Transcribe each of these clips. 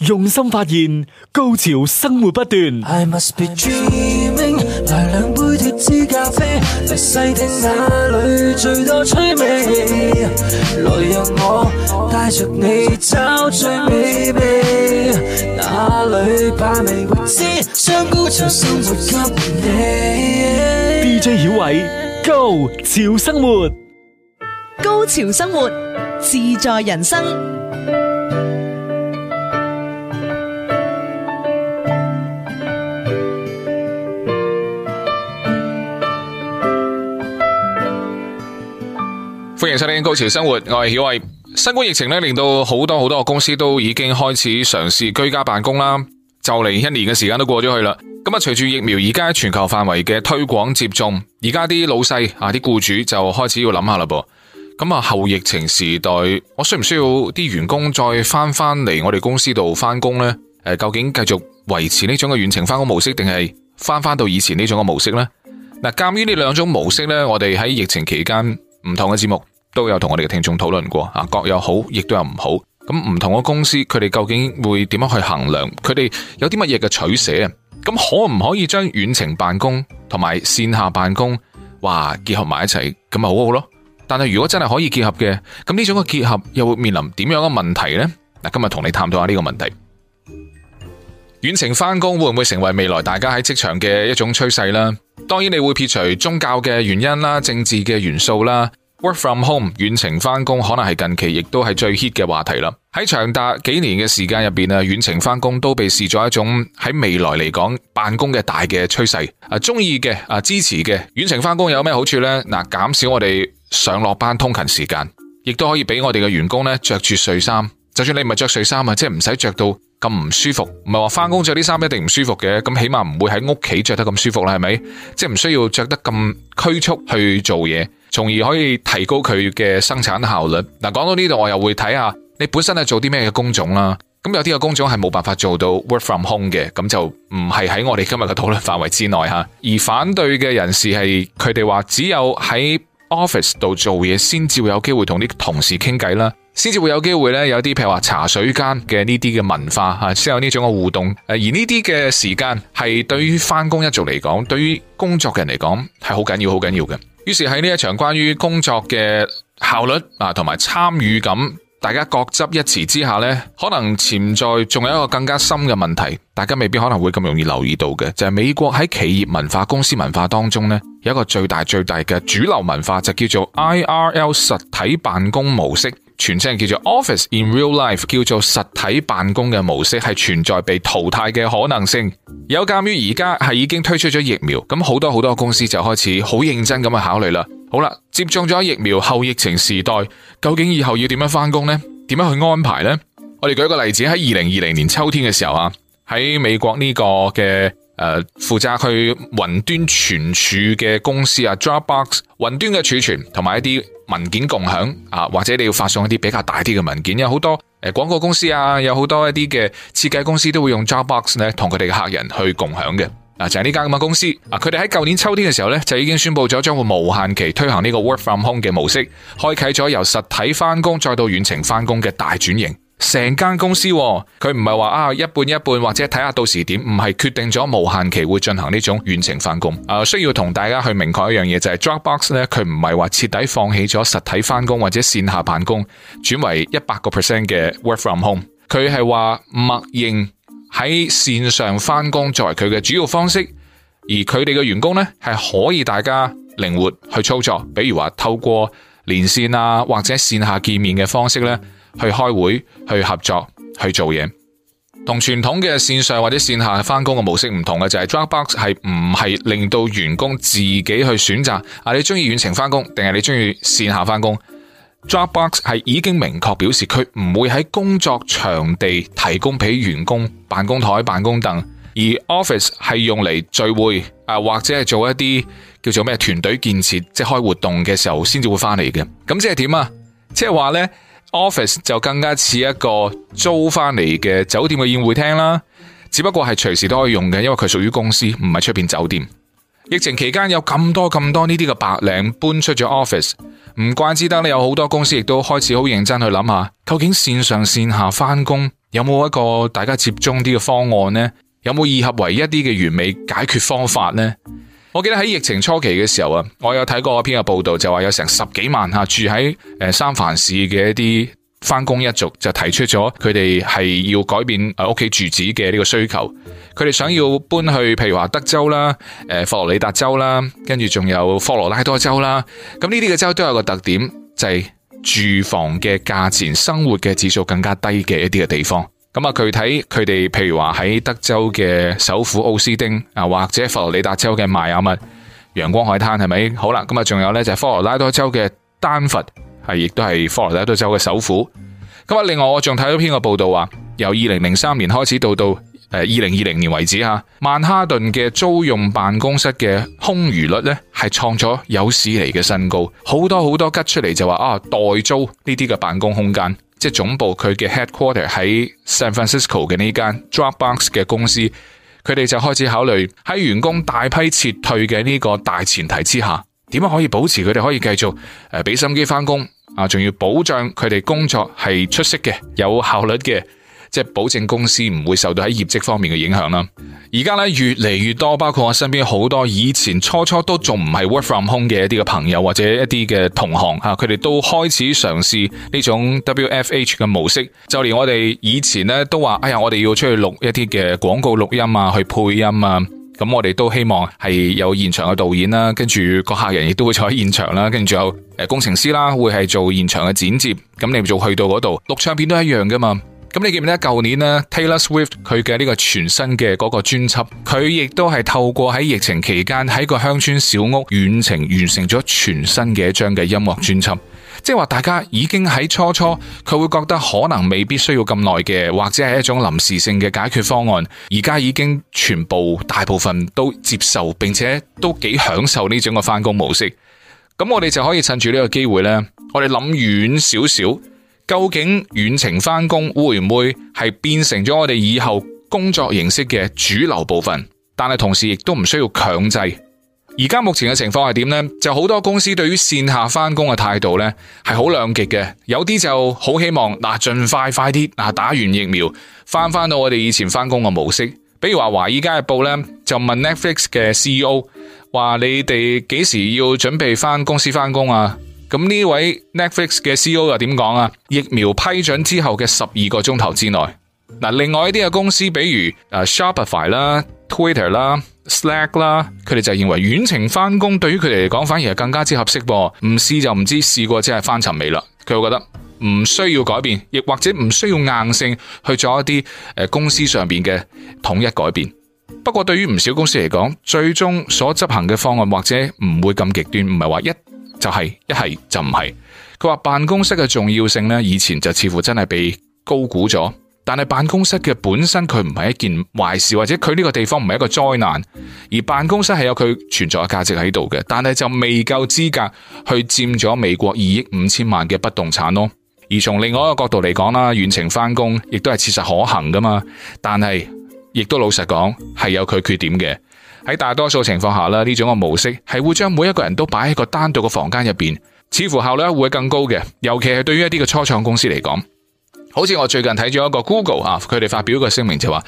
用心發現，高潮生活不斷。I must be dreaming，來兩杯脫脂咖啡，嚟細聽那裏最多趣味。來讓我帶着你找最美味，哪裏把味未知，將高潮生活給你。DJ 小偉，Go，潮生活，高潮生活，自在人生。歡迎收聽《高潮生活》，我係曉慧。新冠疫情咧，令到好多好多公司都已經開始嘗試，試居家辦公啦。就嚟一年嘅時間都過咗去啦。咁啊，隨住疫苗而家全球範圍嘅推廣接種，而家啲老細啊，啲雇主就開始要諗下啦噃。咁啊，後疫情時代，我需唔需要啲員工再翻翻嚟我哋公司度翻工呢？誒，究竟繼續，續維持呢種嘅遠程翻工模式，定係翻翻到以前呢種嘅模式呢？嗱，鑒於呢兩種模式呢，式我哋喺疫情期間唔同嘅節目。都有同我哋嘅聽眾討論過啊，各有好，亦都有唔好。咁唔同嘅公司，佢哋究竟會點樣去衡量？佢哋有啲乜嘢嘅取捨啊？咁可唔可以將遠程辦公同埋線下辦公話結合埋一齊？咁咪好好咯。但係如果真係可以結合嘅，咁呢種嘅結合又會面臨點樣嘅問題呢？嗱，今日同你探討下呢個問題。遠程返工會唔會成為未來大家喺職場嘅一種趨勢啦？當然你會撇除宗教嘅原因啦、政治嘅元素啦。work from home 遠程翻工可能係近期亦都係最 hit 嘅話題啦。喺長達幾年嘅時間入邊啊，遠程翻工都被視作一種喺未來嚟講辦公嘅大嘅趨勢啊。中意嘅啊，支持嘅遠程翻工有咩好處呢？嗱，減少我哋上落班通勤時間，亦都可以俾我哋嘅員工咧着住睡衫。就算你唔係着睡衫啊，即係唔使着到咁唔舒服，唔係話翻工着啲衫一定唔舒服嘅。咁起碼唔會喺屋企着得咁舒服啦，係咪？即係唔需要着得咁拘束去做嘢。從而可以提高佢嘅生產效率。嗱，講到呢度，我又會睇下你本身係做啲咩嘅工種啦。咁有啲嘅工種係冇辦法做到 work from home 嘅，咁就唔係喺我哋今日嘅討論範圍之內哈。而反對嘅人士係佢哋話，只有喺 office 度做嘢，先至會有機會同啲同事傾偈啦，先至會有機會咧有啲譬如話茶水間嘅呢啲嘅文化吓，先有呢種嘅互動。誒，而呢啲嘅時間係對於翻工一族嚟講，對於工作嘅人嚟講，係好緊要，好緊要嘅。於是喺呢一場關於工作嘅效率啊同埋參與感，大家各執一詞之下呢，可能潛在仲有一個更加深嘅問題，大家未必可能會咁容易留意到嘅，就係、是、美國喺企業文化、公司文化當中呢，有一個最大最大嘅主流文化，就叫做 I R L 實體辦公模式。全稱叫做 Office in Real Life，叫做實體辦公嘅模式係存在被淘汰嘅可能性。有鑑於而家係已經推出咗疫苗，咁好多好多公司就開始好認真咁去考慮啦。好啦，接種咗疫苗後疫情時代，究竟以後要點樣翻工呢？點樣去安排呢？我哋舉個例子，喺二零二零年秋天嘅時候啊，喺美國呢個嘅誒、呃、負責去雲端存儲嘅公司啊，Dropbox 雲端嘅儲存同埋一啲。文件共享啊，或者你要發送一啲比較大啲嘅文件，有好多誒廣告公司啊，有好多一啲嘅設計公司都會用 Dropbox 咧，同佢哋嘅客人去共享嘅。嗱，就係呢間咁嘅公司，啊，佢哋喺舊年秋天嘅時候咧，就已經宣布咗將會無限期推行呢個 Work from Home 嘅模式，開啟咗由實體返工再到遠程返工嘅大轉型。成間公司，佢唔係話啊一半一半或者睇下到時點，唔係決定咗無限期會進行呢種遠程翻工。啊、呃，需要同大家去明確一樣嘢就係、是、Dropbox 咧，佢唔係話徹底放棄咗實體翻工或者線下辦公，轉為一百個 percent 嘅 work from home。佢係話默認喺線上翻工作為佢嘅主要方式，而佢哋嘅員工呢，係可以大家靈活去操作，比如話透過連線啊或者線下見面嘅方式呢，去開會、去合作、去做嘢，同傳統嘅線上或者線下翻工嘅模式唔同嘅就係，Dropbox 係唔係令到員工自己去選擇啊，你中意遠程翻工定係你中意線下翻工？Dropbox 係已經明確表示佢唔會喺工作場地提供俾員工辦公台、辦公凳，而 Office 係用嚟聚會啊或者係做一啲叫做咩團隊建設，即係開活動嘅時候先至會翻嚟嘅。咁即係點啊？即係話呢。office 就更加似一個租翻嚟嘅酒店嘅宴會廳啦，只不過係隨時都可以用嘅，因為佢屬於公司，唔係出邊酒店。疫情期間有咁多咁多呢啲嘅白領搬出咗 office，唔怪之得你有好多公司亦都開始好認真去諗下，究竟線上線下翻工有冇一個大家接中啲嘅方案呢？有冇二合為一啲嘅完美解決方法呢？我記得喺疫情初期嘅時候啊，我有睇過一篇嘅報道，就話有成十幾萬吓住喺誒三藩市嘅一啲翻工一族，就提出咗佢哋係要改變誒屋企住址嘅呢個需求，佢哋想要搬去譬如話德州啦、誒佛羅里達州啦，跟住仲有科羅拉多州啦，咁呢啲嘅州都有個特點，就係住房嘅價錢、生活嘅指數更加低嘅一啲嘅地方。咁啊，具體佢哋譬如話喺德州嘅首府奧斯汀啊，或者佛羅里達州嘅邁阿密陽光海灘係咪？好啦，咁啊，仲有呢，就係科羅拉多州嘅丹佛係，亦都係科羅拉多州嘅首府。咁啊，另外我仲睇咗篇個報道話，由二零零三年開始到到二零二零年為止啊，曼哈頓嘅租用辦公室嘅空餘率呢，係創咗有史以嚟嘅新高，好多好多吉出嚟就話啊，代租呢啲嘅辦公空間。即總部佢嘅 headquarter 喺 San Francisco 嘅呢間 Dropbox 嘅公司，佢哋就開始考慮喺員工大批撤退嘅呢個大前提之下，點樣可以保持佢哋可以繼續誒俾心機返工啊，仲要保障佢哋工作係出色嘅、有效率嘅。即係保證公司唔會受到喺業績方面嘅影響啦。而家咧越嚟越多，包括我身邊好多以前初初都仲唔係 work from home 嘅一啲嘅朋友或者一啲嘅同行吓，佢哋都開始嘗試呢種 WFH 嘅模式。就連我哋以前咧都話，哎呀，我哋要出去錄一啲嘅廣告錄音啊，去配音啊，咁我哋都希望係有現場嘅導演啦，跟住個客人亦都會坐喺現場啦，跟住仲有誒工程師啦，會係做現場嘅剪接。咁你咪做去到嗰度錄唱片都一樣噶嘛。咁你記唔記得舊年咧，Taylor Swift 佢嘅呢個全新嘅嗰個專輯，佢亦都係透過喺疫情期間喺個鄉村小屋遠程完成咗全新嘅一張嘅音樂專輯。即係話大家已經喺初初佢會覺得可能未必需要咁耐嘅，或者係一種臨時性嘅解決方案。而家已經全部大部分都接受，並且都幾享受呢種嘅翻工模式。咁我哋就可以趁住呢個機會呢，我哋諗遠少少。究竟遠程翻工會唔會係變成咗我哋以後工作形式嘅主流部分？但係同時亦都唔需要強制。而家目前嘅情況係點呢？就好多公司對於線下翻工嘅態度呢係好兩極嘅，有啲就好希望嗱，盡快快啲嗱，打完疫苗翻翻到我哋以前翻工嘅模式。比如話華爾街日報呢，就問 Netflix 嘅 CEO 話：你哋幾時要準備翻公司翻工啊？咁呢位 Netflix 嘅 CEO 又點講啊？疫苗批准之後嘅十二個鐘頭之內，嗱，另外一啲嘅公司，比如誒 Shopify 啦、Twitter 啦、Slack 啦，佢哋就認為遠程翻工對於佢哋嚟講反而係更加之合適噃。唔試就唔知，試過即係翻尋味啦。佢會覺得唔需要改變，亦或者唔需要硬性去做一啲誒公司上邊嘅統一改變。不過對於唔少公司嚟講，最終所執行嘅方案或者唔會咁極端，唔係話一。就係一係就唔係，佢話辦公室嘅重要性呢，以前就似乎真係被高估咗。但係辦公室嘅本身佢唔係一件壞事，或者佢呢個地方唔係一個災難，而辦公室係有佢存在嘅價值喺度嘅。但係就未夠資格去佔咗美國二億五千萬嘅不動產咯。而從另外一個角度嚟講啦，遠程返工亦都係切實可行㗎嘛。但係亦都老實講，係有佢缺點嘅。喺大多數情況下呢種嘅模式係會將每一個人都擺喺個單獨嘅房間入邊，似乎效率會更高嘅。尤其係對於一啲嘅初創公司嚟講，好似我最近睇咗一個 Google 啊，佢哋發表一個聲明就話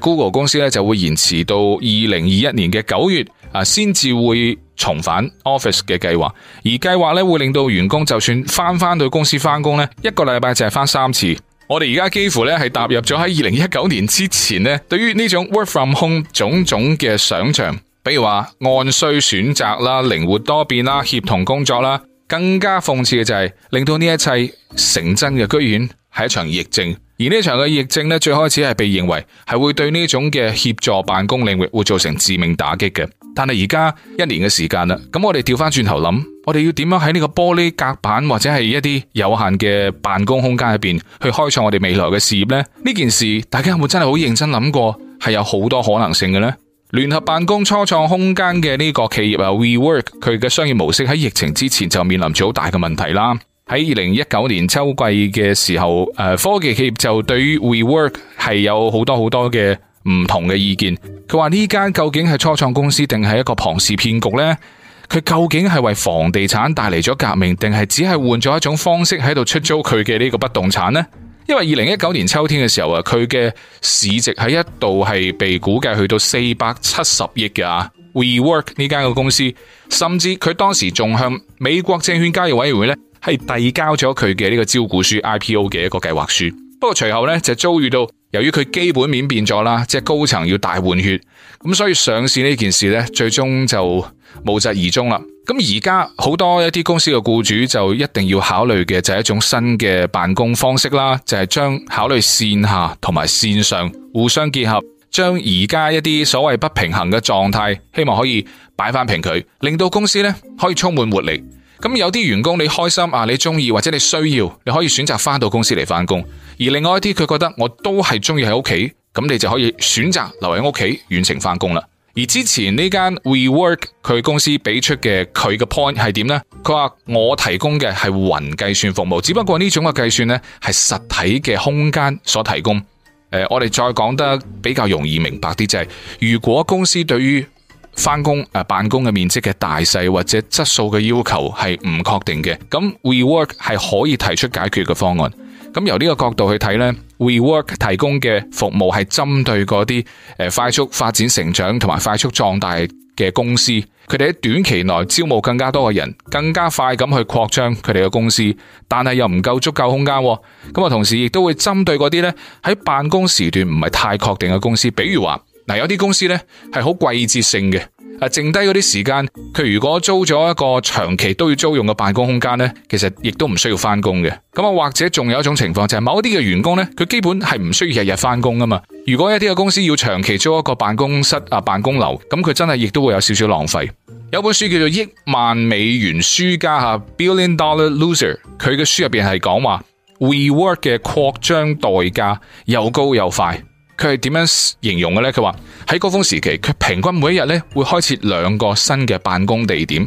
，Google 公司咧就會延遲到二零二一年嘅九月啊，先至會重返 Office 嘅計劃。而計劃咧會令到員工就算翻翻到公司翻工咧，一個禮拜就係翻三次。我哋而家幾乎咧係踏入咗喺二零一九年之前咧，對於呢種 work from home 種種嘅想象，比如話按需選擇啦、靈活多變啦、協同工作啦，更加諷刺嘅就係、是、令到呢一切成真嘅，居然係一場疫症。而呢場嘅疫症呢，最開始係被認為係會對呢種嘅協助辦公領域會造成致命打擊嘅，但係而家一年嘅時間啦，咁我哋調返轉頭諗。我哋要點樣喺呢個玻璃隔板或者係一啲有限嘅辦公空間入邊去開創我哋未來嘅事業呢？呢件事大家有冇真係好認真諗過？係有好多可能性嘅呢。聯合辦公初創空間嘅呢個企業啊，WeWork 佢嘅商業模式喺疫情之前就面臨咗好大嘅問題啦。喺二零一九年秋季嘅時候，誒，科技企業就對於 WeWork 係有好多好多嘅唔同嘅意見。佢話呢間究竟係初創公司定係一個龐氏騙局呢？佢究竟係為房地產帶嚟咗革命，定係只係換咗一種方式喺度出租佢嘅呢個不動產呢？因為二零一九年秋天嘅時候啊，佢嘅市值喺一度係被估計去到四百七十億嘅啊。WeWork 呢間嘅公司，甚至佢當時仲向美國證券交易委員會呢係遞交咗佢嘅呢個招股書 IPO 嘅一個計劃書。不過隨後呢，就遭遇到，由於佢基本面變咗啦，即係高層要大換血。.咁所以上市呢件事呢，最終就無疾而終啦。咁而家好多一啲公司嘅雇主就一定要考慮嘅就係一種新嘅辦公方式啦，就係將考慮線下同埋線上互相結合，將而家一啲所謂不平衡嘅狀態，希望可以擺翻平佢，令到公司呢可以充滿活力。咁有啲員工你開心啊，你中意或者你需要，你可以選擇翻到公司嚟翻工；而另外一啲佢覺得我都係中意喺屋企。咁你就可以選擇留喺屋企遠程翻工啦。而之前呢間 WeWork 佢公司俾出嘅佢個 point 係點呢？佢話我提供嘅係雲計算服務，只不過呢種嘅計算呢係實體嘅空間所提供。呃，我哋再講得比較容易明白啲，就係、是、如果公司對於翻工誒辦公嘅面積嘅大細或者質素嘅要求係唔確定嘅，咁 WeWork 係可以提出解決嘅方案。咁由呢個角度去睇咧，WeWork 提供嘅服務係針對嗰啲誒快速發展成長同埋快速壯大嘅公司，佢哋喺短期內招募更加多嘅人，更加快咁去擴張佢哋嘅公司，但係又唔夠足夠空間。咁啊，同時亦都會針對嗰啲咧喺辦公時段唔係太確定嘅公司，比如話嗱有啲公司咧係好季節性嘅。啊，剩低嗰啲時間，佢如果租咗一個長期都要租用嘅辦公空間呢，其實亦都唔需要翻工嘅。咁啊，或者仲有一種情況，就係某一啲嘅員工呢，佢基本係唔需要日日翻工噶嘛。如果一啲嘅公司要長期租一個辦公室啊辦公樓，咁佢真係亦都會有少少浪費。有本書叫做《億萬美元輸家》吓 （Billion Dollar Loser），佢嘅書入邊係講話，We Work 嘅擴張代價又高又快，佢係點樣形容嘅呢？佢話，喺高峰時期，佢平均每一日咧會開設兩個新嘅辦公地點，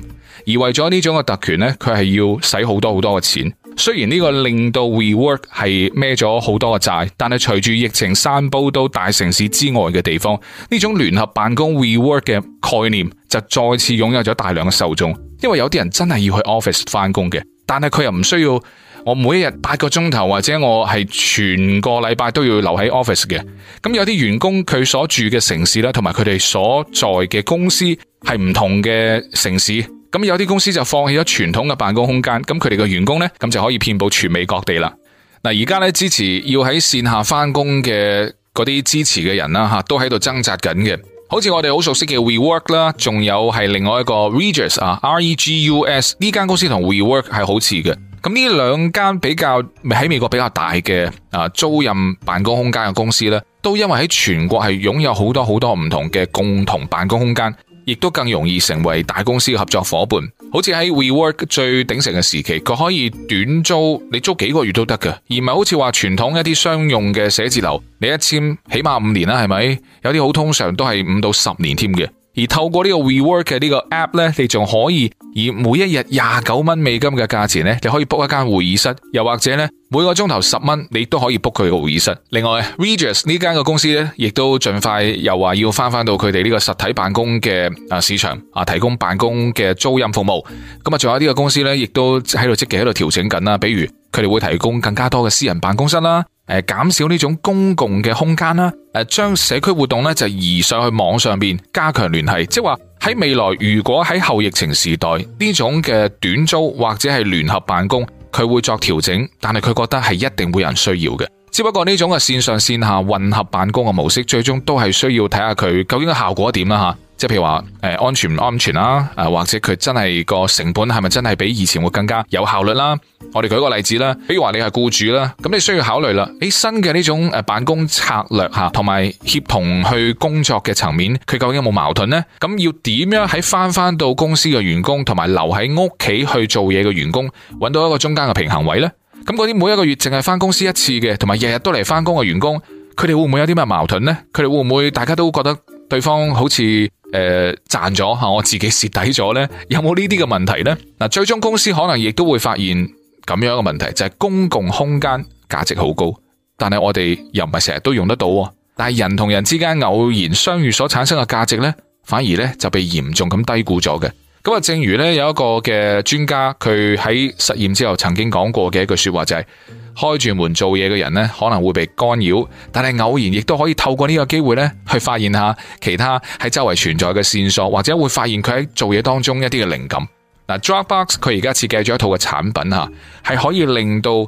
而為咗呢種嘅特權咧，佢係要使好多好多嘅錢。雖然呢個令到 WeWork 係孭咗好多嘅債，但係隨住疫情散佈到大城市之外嘅地方，呢種聯合辦公 WeWork 嘅概念就再次擁有咗大量嘅受眾，因為有啲人真係要去 office 返工嘅，但係佢又唔需要。我每一日八個鐘頭，或者我係全個禮拜都要留喺 office 嘅。咁有啲員工佢所住嘅城市啦，同埋佢哋所在嘅公司係唔同嘅城市。咁有啲公司就放棄咗傳統嘅辦公空間，咁佢哋嘅員工呢，咁就可以遍佈全美各地啦。嗱，而家呢，支持要喺線下翻工嘅嗰啲支持嘅人啦，吓都喺度掙扎緊嘅。好似我哋好熟悉嘅 WeWork 啦，仲有係另外一個 Regus 啊，R-E-G-U-S 呢間公司同 WeWork 係好似嘅。咁呢兩間比較喺美國比較大嘅啊，租賃辦公空間嘅公司咧，都因為喺全國係擁有好多好多唔同嘅共同辦公空間，亦都更容易成為大公司嘅合作伙伴。好似喺 WeWork 最鼎盛嘅時期，佢可以短租，你租幾個月都得㗎；而唔係好似話傳統一啲商用嘅寫字樓，你一簽起碼五年啦，係咪？有啲好通常都係五到十年添嘅。而透過呢個 WeWork 嘅呢個 App 咧，你仲可以以每一日廿九蚊美金嘅價錢咧，你可以 book 一間會議室，又或者咧每個鐘頭十蚊，你都可以 book 佢個會議室。另外，Regis 呢間嘅公司咧，亦都盡快又話要翻翻到佢哋呢個實體辦公嘅啊市場啊，提供辦公嘅租賃服務。咁啊，仲有呢個公司咧，亦都喺度積極喺度調整緊啦。比如佢哋會提供更加多嘅私人辦公室啦。誒，減少呢種公共嘅空間啦，誒，將社區活動咧就移上去網上邊，加強聯繫。即係話喺未來，如果喺後疫情時代呢種嘅短租或者係聯合辦公，佢會作調整，但係佢覺得係一定會有人需要嘅。只不過呢種嘅線上線下混合辦公嘅模式，最終都係需要睇下佢究竟嘅效果點啦吓。即係譬如話，誒，安全唔安全啦，誒，或者佢真係個成本係咪真係比以前會更加有效率啦？我哋舉個例子啦，比如話你係僱主啦，咁你需要考慮啦，你新嘅呢種誒辦公策略吓，同埋協同去工作嘅層面，佢究竟有冇矛盾呢？咁要點樣喺翻翻到公司嘅員工，同埋留喺屋企去做嘢嘅員工，搵到一個中間嘅平衡位呢？咁嗰啲每一個月淨係翻公司一次嘅，同埋日日都嚟翻工嘅員工，佢哋會唔會有啲咩矛盾呢？佢哋會唔會大家都覺得？對方好似誒、呃、賺咗吓，我自己蝕底咗咧，有冇呢啲嘅問題咧？嗱，最終公司可能亦都會發現咁樣嘅問題，就係、是、公共空間價值好高，但係我哋又唔係成日都用得到喎。但係人同人之間偶然相遇所產生嘅價值咧，反而咧就被嚴重咁低估咗嘅。咁啊，正如咧有一個嘅專家，佢喺實驗之後曾經講過嘅一句說話就係：開住門做嘢嘅人咧，可能會被干擾，但係偶然亦都可以透過呢個機會咧，去發現下其他喺周圍存在嘅線索，或者會發現佢喺做嘢當中一啲嘅靈感。嗱，Dropbox 佢而家設計咗一套嘅產品吓，係可以令到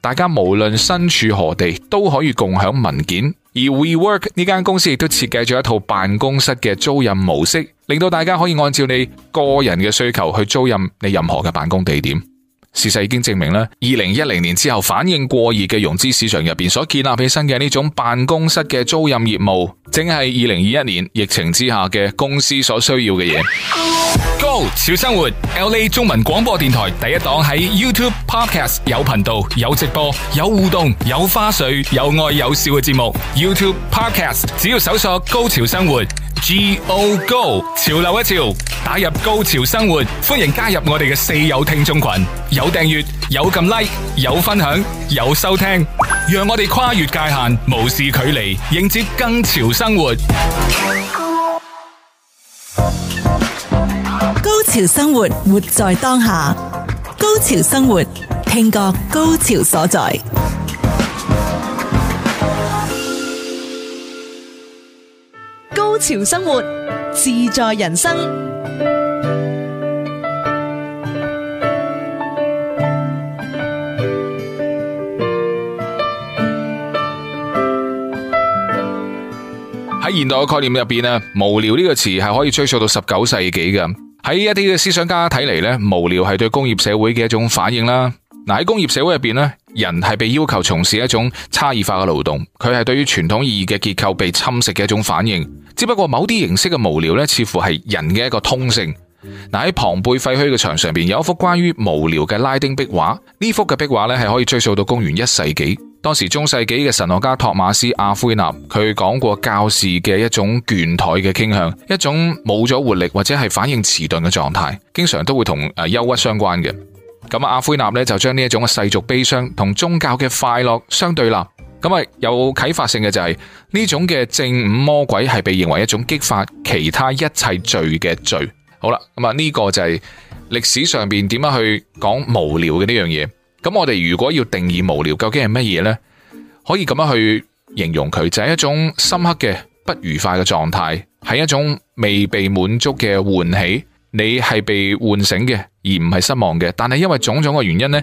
大家無論身處何地都可以共享文件。而 WeWork 呢間公司亦都設計咗一套辦公室嘅租賃模式。令到大家可以按照你個人嘅需求去租任你任何嘅辦公地點。事實已經證明啦，二零一零年之後反應過熱嘅融資市場入邊所建立起身嘅呢種辦公室嘅租賃業務，正係二零二一年疫情之下嘅公司所需要嘅嘢。高潮生活，LA 中文廣播電台第一檔喺 YouTube Podcast 有頻道、有直播、有互動、有花絮、有愛有笑嘅節目。YouTube Podcast 只要搜索《高潮生活》。G O Go，潮流一潮，打入高潮生活，歡迎加入我哋嘅四友聽眾群，有訂閱，有撳 like，有分享，有收聽，讓我哋跨越界限，無視距離，迎接更潮生活。高潮生活，活在當下；高潮生活，聽覺高潮所在。潮生活，自在人生。喺現代嘅概念入邊咧，無聊呢個詞係可以追溯到十九世紀嘅。喺一啲嘅思想家睇嚟咧，無聊係對工業社會嘅一種反應啦。嗱喺工業社會入邊咧。人係被要求從事一種差異化嘅勞動，佢係對於傳統意義嘅結構被侵蝕嘅一種反應。只不過某啲形式嘅無聊呢，似乎係人嘅一個通性。嗱喺龐貝廢墟嘅牆上邊，有一幅關於無聊嘅拉丁壁畫。呢幅嘅壁畫呢，係可以追溯到公元一世紀。當時中世紀嘅神學家托馬斯阿奎納，佢講過教士嘅一種倦怠嘅傾向，一種冇咗活力或者係反應遲鈍嘅狀態，經常都會同誒憂鬱相關嘅。咁阿灰納咧就將呢一種嘅世俗悲傷同宗教嘅快樂相對立，咁啊有啟發性嘅就係呢種嘅正午魔鬼係被認為一種激發其他一切罪嘅罪好。好啦，咁啊呢個就係歷史上邊點樣去講無聊嘅呢樣嘢。咁我哋如果要定義無聊，究竟係乜嘢呢？可以咁樣去形容佢，就係一種深刻嘅不愉快嘅狀態，係一種未被滿足嘅喚起。你係被喚醒嘅，而唔係失望嘅。但係因為種種嘅原因呢，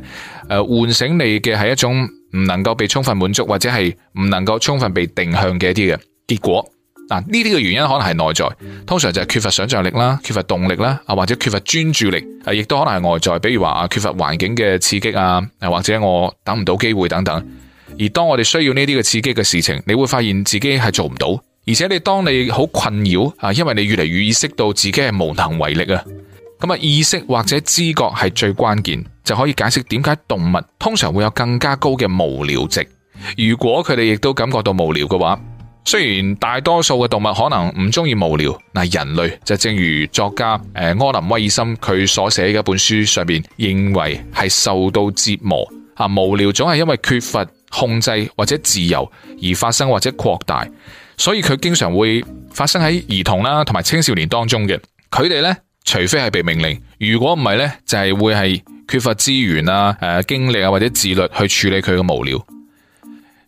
喚醒你嘅係一種唔能夠被充分滿足或者係唔能夠充分被定向嘅一啲嘅結果。嗱，呢啲嘅原因可能係內在，通常就係缺乏想象力啦、缺乏動力啦啊，或者缺乏專注力啊，亦都可能係外在，比如話缺乏環境嘅刺激啊啊或者我等唔到機會等等。而當我哋需要呢啲嘅刺激嘅事情，你會發現自己係做唔到。而且你當你好困擾啊，因為你越嚟越意識到自己係無能為力啊。咁啊，意識或者知覺係最關鍵，就可以解釋點解動物通常會有更加高嘅無聊值。如果佢哋亦都感覺到無聊嘅話，雖然大多數嘅動物可能唔中意無聊，嗱，人類就正如作家柯林威爾森佢所寫嘅一本書上面認為係受到折磨啊。無聊總係因為缺乏控制或者自由而發生或者擴大。所以佢經常會發生喺兒童啦，同埋青少年當中嘅，佢哋呢，除非係被命令，如果唔係呢，就係會係缺乏資源啊、誒經歷啊或者自律去處理佢嘅無聊。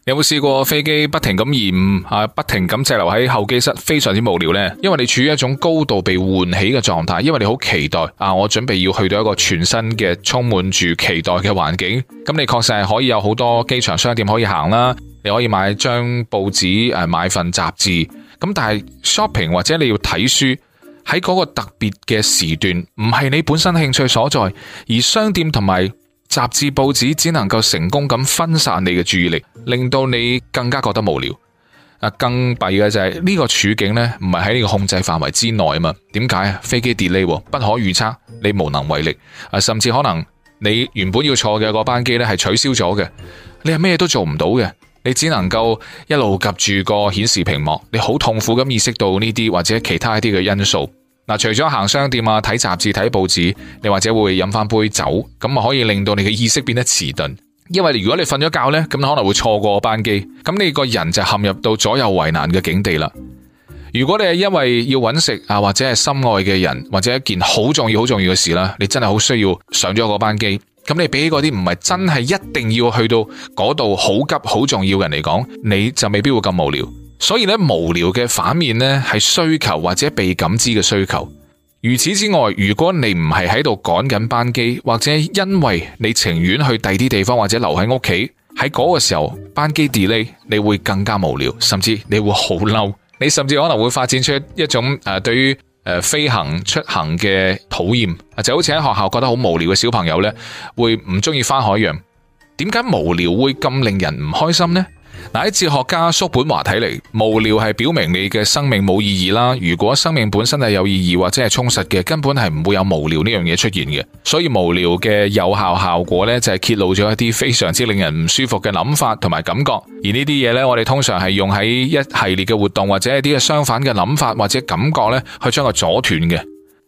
你有冇試過飛機不停咁延誤啊？不停咁滯留喺候機室，非常之無聊呢？因為你處於一種高度被喚起嘅狀態，因為你好期待啊！我準備要去到一個全新嘅充滿住期待嘅環境。咁你確實係可以有好多機場商店可以行啦，你可以買張報紙誒，買份雜誌。咁但係 shopping 或者你要睇書喺嗰個特別嘅時段，唔係你本身興趣所在，而商店同埋。雜誌報紙只能夠成功咁分散你嘅注意力，令到你更加覺得無聊。更弊嘅就係呢個處境呢，唔係喺呢個控制範圍之內啊嘛。點解啊？飛機 delay，不可預測，你無能為力。啊，甚至可能你原本要坐嘅嗰班機呢係取消咗嘅，你係咩都做唔到嘅，你只能夠一路及住個顯示屏幕，你好痛苦咁意識到呢啲或者其他一啲嘅因素。除咗行商店啊、睇雜誌、睇報紙，你或者會飲翻杯酒，咁啊可以令到你嘅意識變得遲鈍。因為如果你瞓咗覺呢，咁你可能會錯過班機，咁你個人就陷入到左右為難嘅境地啦。如果你係因為要揾食啊，或者係心愛嘅人，或者一件好重要、好重要嘅事啦，你真係好需要上咗個班機。咁你比起嗰啲唔係真係一定要去到嗰度好急、好重要嘅人嚟講，你就未必會咁無聊。所以咧無聊嘅反面呢，係需求或者被感知嘅需求。如此之外，如果你唔係喺度趕緊班機，或者因為你情願去第啲地方或者留喺屋企，喺嗰個時候班機 delay，你會更加無聊，甚至你會好嬲。你甚至可能會發展出一種誒對於誒飛行出行嘅討厭。就好似喺學校覺得好無聊嘅小朋友呢，會唔中意翻海洋。點解無聊會咁令人唔開心呢？喺哲學家叔本華睇嚟，無聊係表明你嘅生命冇意義啦。如果生命本身係有意義或者係充實嘅，根本係唔會有無聊呢樣嘢出現嘅。所以無聊嘅有效效果咧，就係揭露咗一啲非常之令人唔舒服嘅諗法同埋感覺。而呢啲嘢咧，我哋通常係用喺一系列嘅活動或者一啲嘅相反嘅諗法或者感覺咧，去將佢阻斷嘅。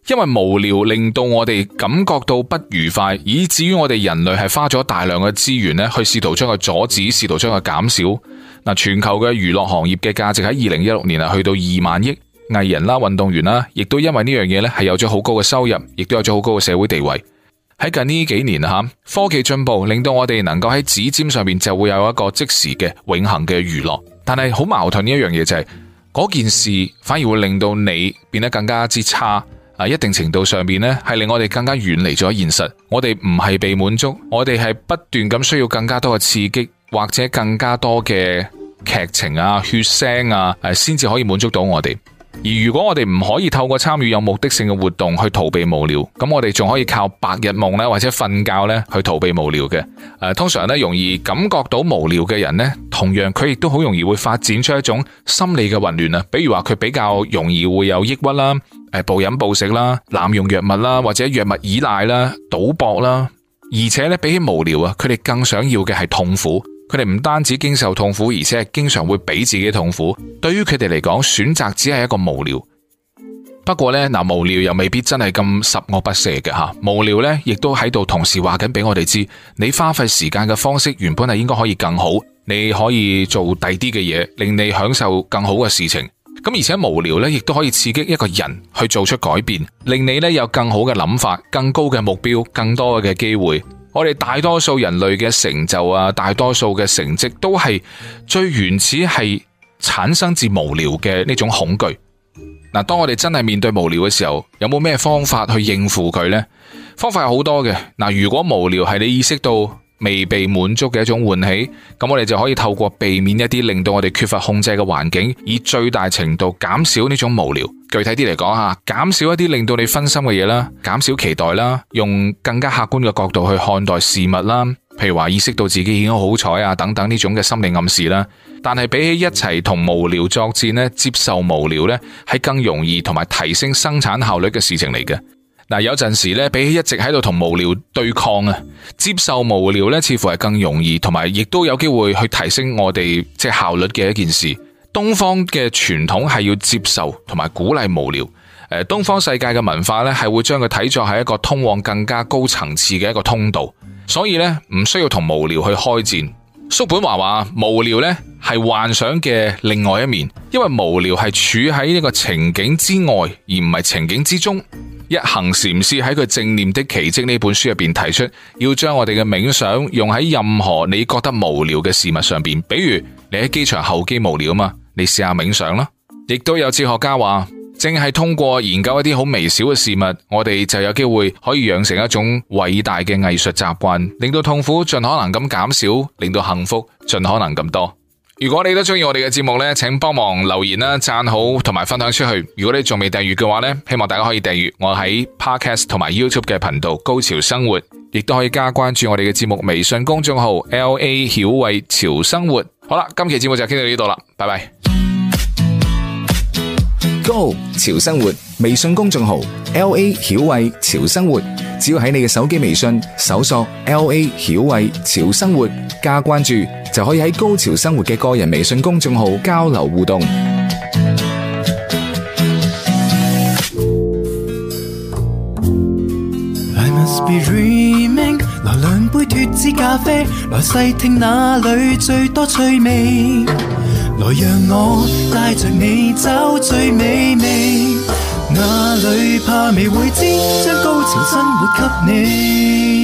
因為無聊令到我哋感覺到不愉快，以至於我哋人類係花咗大量嘅資源呢，去試圖將佢阻止，試圖將佢減少。嗱，全球嘅娛樂行業嘅價值喺二零一六年啊，去到二萬億，藝人啦、運動員啦，亦都因為呢樣嘢呢係有咗好高嘅收入，亦都有咗好高嘅社會地位。喺近呢幾年啊，科技進步令到我哋能夠喺指尖上面就會有一個即時嘅永恆嘅娛樂。但係好矛盾呢一樣嘢就係，嗰件事反而會令到你變得更加之差。啊，一定程度上面呢，係令我哋更加遠離咗現實。我哋唔係被滿足，我哋係不斷咁需要更加多嘅刺激，或者更加多嘅劇情啊、血腥啊，先至可以滿足到我哋。而如果我哋唔可以透過參與有目的性嘅活動去逃避無聊，咁我哋仲可以靠白日夢咧或者瞓覺咧去逃避無聊嘅。誒，通常咧容易感覺到無聊嘅人咧，同樣佢亦都好容易會發展出一種心理嘅混亂啊。比如話佢比較容易會有抑鬱啦，誒暴飲暴食啦、濫用藥物啦，或者藥物依賴啦、賭博啦。而且咧比起無聊啊，佢哋更想要嘅係痛苦。佢哋唔單止經受痛苦，而且係經常會俾自己痛苦。對於佢哋嚟講，選擇只係一個無聊。不過呢，嗱，無聊又未必真係咁十惡不赦嘅吓。無聊呢，亦都喺度同時話緊俾我哋知，你花費時間嘅方式原本係應該可以更好。你可以做第啲嘅嘢，令你享受更好嘅事情。咁而且無聊呢，亦都可以刺激一個人去做出改變，令你呢有更好嘅諗法、更高嘅目標、更多嘅機會。我哋大多數人類嘅成就啊，大多數嘅成績都係最原始係產生自無聊嘅呢種恐懼。嗱，當我哋真係面對無聊嘅時候，有冇咩方法去應付佢咧？方法有好多嘅。嗱，如果無聊係你意識到。未被滿足嘅一種喚起，咁我哋就可以透過避免一啲令到我哋缺乏控制嘅環境，以最大程度減少呢種無聊。具體啲嚟講吓，減少一啲令到你分心嘅嘢啦，減少期待啦，用更加客觀嘅角度去看待事物啦，譬如話意識到自己已經好彩啊等等呢種嘅心理暗示啦。但係比起一齊同無聊作戰呢，接受無聊呢，係更容易同埋提升生產效率嘅事情嚟嘅。嗱，有陣時咧，比起一直喺度同無聊對抗啊，接受無聊咧，似乎係更容易，同埋亦都有機會去提升我哋即係效率嘅一件事。東方嘅傳統係要接受同埋鼓勵無聊誒，東方世界嘅文化咧係會將佢睇作係一個通往更加高層次嘅一個通道，所以咧唔需要同無聊去開戰。叔本華話無聊咧係幻想嘅另外一面，因為無聊係處喺呢個情景之外，而唔係情景之中。一行禪師喺佢《正念的奇蹟》呢本書入面提出，要將我哋嘅冥想用喺任何你覺得無聊嘅事物上面。比如你喺機場候機無聊嘛，你試下冥想啦。亦都有哲學家話，正係通過研究一啲好微小嘅事物，我哋就有機會可以養成一種偉大嘅藝術習慣，令到痛苦盡可能咁減少，令到幸福盡可能咁多。如果你都中意我哋嘅節目咧，請幫忙留言啦，讚好同埋分享出去。如果你仲未訂閱嘅話咧，希望大家可以訂閱。我喺 Podcast 同埋 YouTube 嘅頻道《高潮生活》，亦都可以加關注我哋嘅節目微信公眾號 LA 曉慧潮生活。好啦，今期節目就傾到呢度啦，拜拜。Go 潮生活微信公眾號 LA 曉慧潮生活，只要喺你嘅手機微信搜索 LA 曉慧潮生活，加關注。就可以喺高潮生活嘅個人微信公眾號交流互動。來兩杯脫脂咖啡，來細聽哪裏最多趣味，來讓我帶着你找最美味，哪裏怕未會知將高潮生活給你。